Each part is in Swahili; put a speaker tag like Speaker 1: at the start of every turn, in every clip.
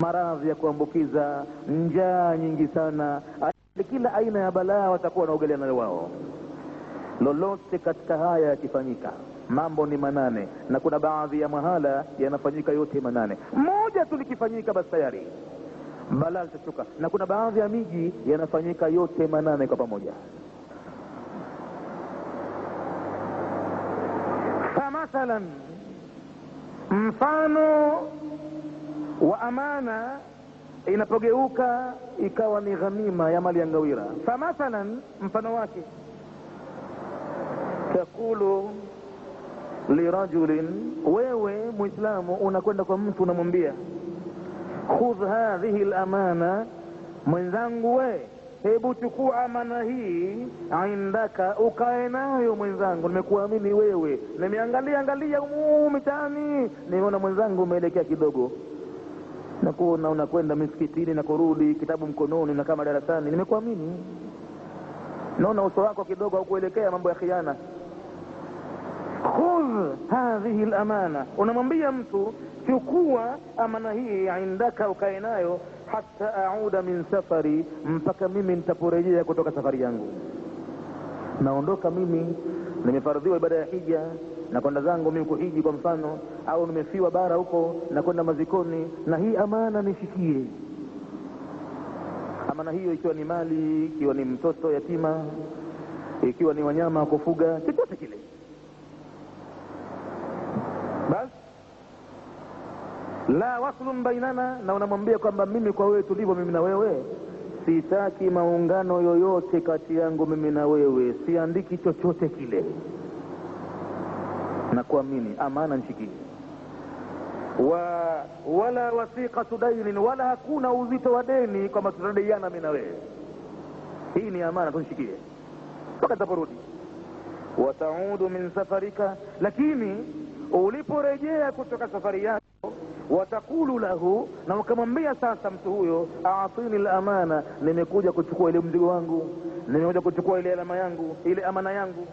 Speaker 1: maradhi ya kuambukiza, njaa nyingi sana, kila aina ya balaa watakuwa wanaogelea nayo wao. Lolote katika haya yakifanyika, mambo ni manane, na kuna baadhi ya mahala yanafanyika yote manane. Moja tu likifanyika, basi tayari balaa litashuka, na kuna baadhi ya miji yanafanyika yote manane kwa pamoja.
Speaker 2: Famathalan, mfano wa amana inapogeuka ikawa ni ghanima ya mali ya ngawira. Famathalan, mfano wake, taqulu lirajulin, wewe Muislamu unakwenda kwa mtu unamwambia, khudh hadhihi lamana, mwenzangu we, hebu chukua amana hii, indaka, ukae nayo mwenzangu, nimekuamini wewe, nimeangalia angalia umu mitani nimeona mwenzangu umeelekea kidogo nakuona unakwenda misikitini na kurudi kitabu mkononi na kama darasani, nimekuamini. Naona uso wako kidogo haukuelekea mambo ya khiana. Khudh hadhihi lamana, unamwambia mtu chukua amana hii indaka, ukae nayo hata auda min safari, mpaka mimi nitaporejea kutoka safari yangu. Naondoka mimi, nimefardhiwa ibada ya hija, na kwenda zangu mimi kuhiji, kwa mfano au nimefiwa bara huko na kwenda mazikoni, na hii amana nishikie. Amana hiyo ikiwa ni mali, ikiwa ni mtoto yatima, ikiwa ni wanyama kufuga, chochote kile basi la waslun bainana, na unamwambia kwamba mimi kwa wewe tulivyo mimi na wewe, sitaki maungano yoyote kati yangu mimi na wewe, siandiki chochote kile na kuamini, amana nishikie wa wala wathiqatu dainin, wala hakuna uzito wa deni kwamba tutadaiana mimi na wewe. Hii ni amana, tunshikie mpaka tutaporudi. Wataudu min safarika, lakini uliporejea kutoka safari yako, watakulu lahu, na ukamwambia sasa mtu huyo, atini lamana, nimekuja kuchukua ile mzigo wangu, nimekuja kuchukua ile alama yangu, ile amana yangu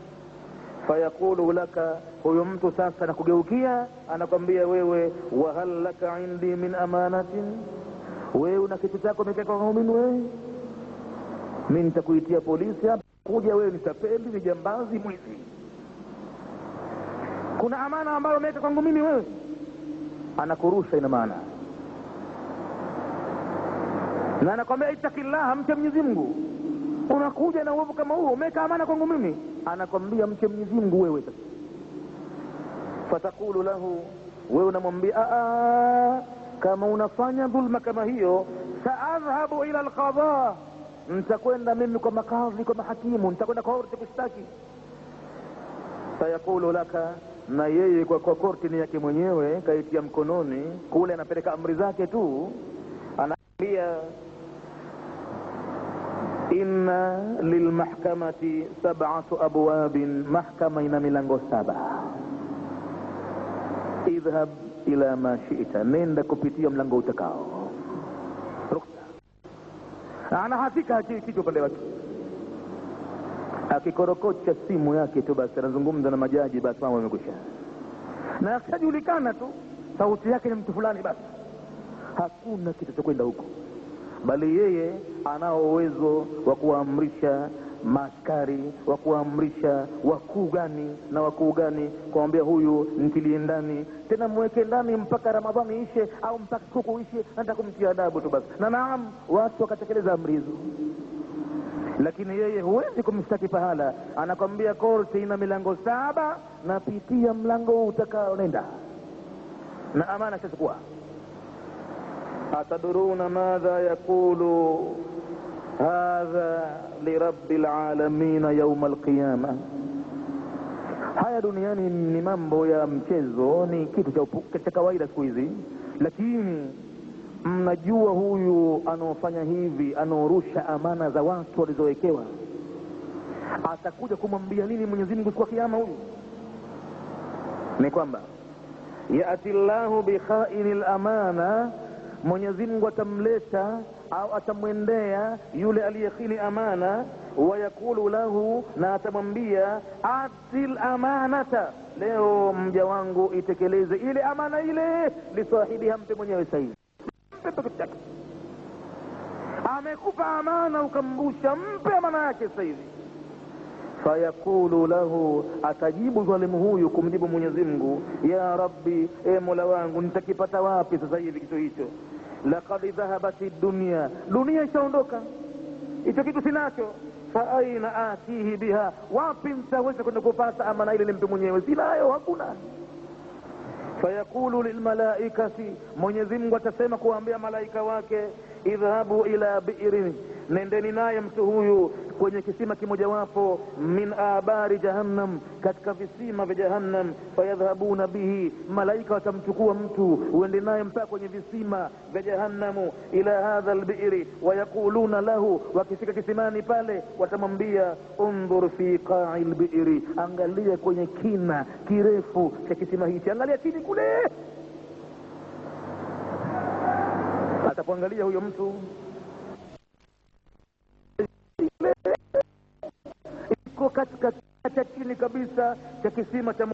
Speaker 2: fayaqulu laka, huyu mtu sasa nakugeukia, anakwambia wewe, wahal laka indi min amanatin, wewe una kitu chako mekekaamini wewe, mi nitakuitia polisi hapa kuja, wewe ni tapeli, ni jambazi, mwizi. Kuna amana ambayo umeweka kwangu mimi wewe, anakurusha ina maana, na anakwambia ittaqillaha, mcha Mwenyezi Unakuja na uovu kama huo, umeweka amana kwangu mimi anakwambia mche Mwenyezi Mungu wewe sasa. Fatakulu lahu, wewe unamwambia kama unafanya dhulma kama hiyo, saadhhabu ila lqadha nitakwenda mimi kwa makadhi, kwa mahakimu, nitakwenda kwa orti kushtaki. fayaqulu laka, na yeye kwa, kwa korti ni yake mwenyewe, kaitia mkononi kule, anapeleka amri zake tu, anaambia إن للمحكمة سبعة أبواب محكمة milango saba idhab ila ma shi'ta nenda kupitia mlango utakao ruksa anahatika hachii kichwa upande wake akikorokocha simu yake tu basi anazungumza na majaji basi mambo amekwisha na akishajulikana tu sauti yake ni mtu fulani basi hakuna kitu cha kwenda huko bali yeye anao uwezo wa kuamrisha maaskari wa kuamrisha wakuu gani na wakuu gani, kuwambia huyu mtilie ndani, tena mweke ndani mpaka Ramadhani ishe au mpaka kuku ishe, nata kumtia adabu tu basi. Na naam, watu wakatekeleza amri hizo, lakini yeye huwezi kumshtaki pahala. Anakwambia korti ina milango saba, napitia mlango utakaonenda na amana shachukua ataduruna madha yaqulu hadha لرب العالمين يوم alqiyama. Haya duniani ni mambo ya mchezo, ni kitu cha kawaida siku hizi, lakini mnajua huyu anaofanya hivi, anaorusha amana za watu walizowekewa, atakuja kumwambia nini Mwenyezi Mungu kiama Kiyama? Huyu ni kwamba yati llahu bikhaini lamana Mwenyezi Mungu atamleta au atamwendea yule aliyekhili amana, wayakulu lahu, na atamwambia atil amanata, leo mja wangu itekeleze ile amana ile, lisahibi, hampe mwenyewe sahizi, mpe Amekupa amana, ukambusha, mpe amana yake sahizi fayaqulu lahu, atajibu zalimu huyu kumjibu Mwenyezi Mungu, ya rabbi, e mola wangu, nitakipata wapi sasa hivi kitu hicho? Laqad dhahabat dunia, dunia ishaondoka, hicho kitu sinacho. Fa aina atihi biha, wapi nitaweza kwenda kupata amana ile nimpe mwenyewe? Sinayo, hakuna fayaqulu lilmalaikati, Mwenyezi Mungu atasema kuwaambia malaika wake, idhhabu ila biirin nendeni naye mtu huyu kwenye kisima kimojawapo min abari jahannam, katika visima vya Jahannam. Fayadhhabuna bihi, malaika watamchukua mtu uende naye mpaka kwenye visima vya Jahannamu. Ila hadha lbiri, wayaquluna lahu, wakifika kisimani pale watamwambia undhur fi qai lbiri, angalia kwenye kina kirefu cha kisima hichi, angalia chini kule. Atapoangalia huyo mtu katika cha chini kabisa cha kisima cha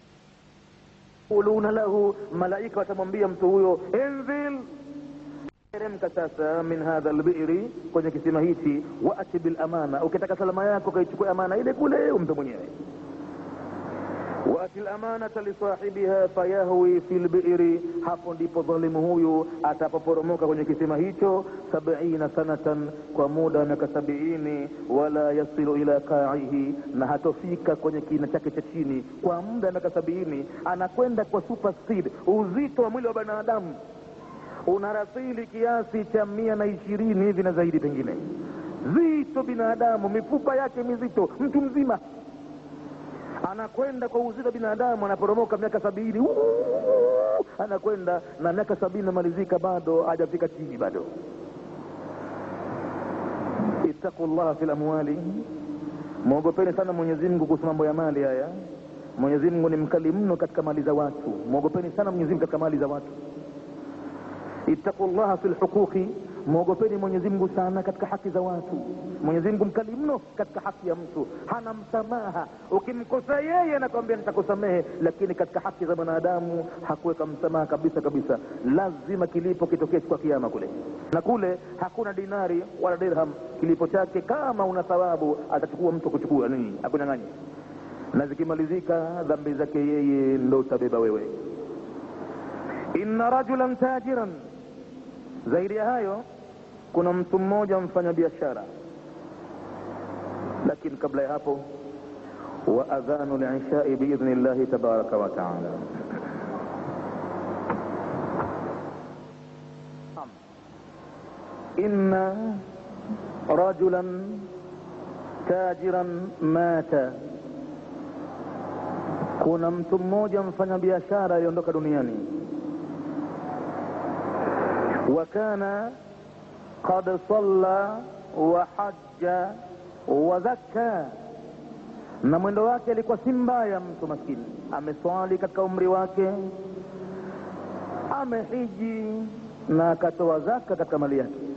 Speaker 2: uluna lahu, malaika watamwambia mtu huyo enzil teremka sasa min hadha lbiri, kwenye kisima hichi. Waati bilamana ukitaka salama yako kaichukua amana ile kule umpe mwenyewe. Waati lamanata lisahibiha fayahwi fi lbiri, hapo ndipo dhalimu huyu atapoporomoka kwenye kisima hicho sabiina sanatan, kwa muda wa miaka sabiini. Wala yasilu ila kaihi na hatofika kwenye kina chake cha chini kwa muda wa miaka sabiini. Anakwenda kwa super speed, uzito wa mwili wa binadamu unarasili kiasi cha mia na ishirini hivi na zaidi, pengine zito binadamu, mifupa yake mizito, mtu mzima anakwenda kwa uzito wa binadamu, anaporomoka miaka sabini anakwenda na miaka sabini namalizika, bado hajafika chini, bado. Ittaqu llaha fi lamwali mwogopeni sana Mwenyezi Mungu kuhusu mambo ya mali haya. Mwenyezi Mungu ni mkali mno katika mali za watu, mwogopeni sana Mwenyezi Mungu katika mali za watu. Ittaqu llaha fi lhuquqi Mwogopeni Mwenyezi Mungu sana katika haki za watu. Mwenyezi Mungu mkali mno katika haki ya mtu, hana msamaha. Ukimkosa yeye anakwambia nitakusamehe, lakini katika haki za mwanadamu hakuweka msamaha kabisa kabisa. Lazima kilipo kitokee kwa kiama kule, na kule hakuna dinari wala dirham. Kilipo chake kama una thawabu atachukua mtu, kuchukua nini akunyanganyi na zikimalizika dhambi zake yeye ndo utabeba wewe. Inna rajulan tajiran, zaidi ya hayo kuna mtu mmoja mfanya biashara lakini kabla ya hapo wa adhanu lishai biidhni llahi tabaraka wa taala إن رجلا تاجرا مات كنا mtu mmoja mfanyabiashara aliondoka duniani wakana قد صلى وحج وزكى na mwendo wake alikuwa si mbaya. Mtu maskini ameswali katika umri wake, amehiji na akatoa zaka katika mali yake.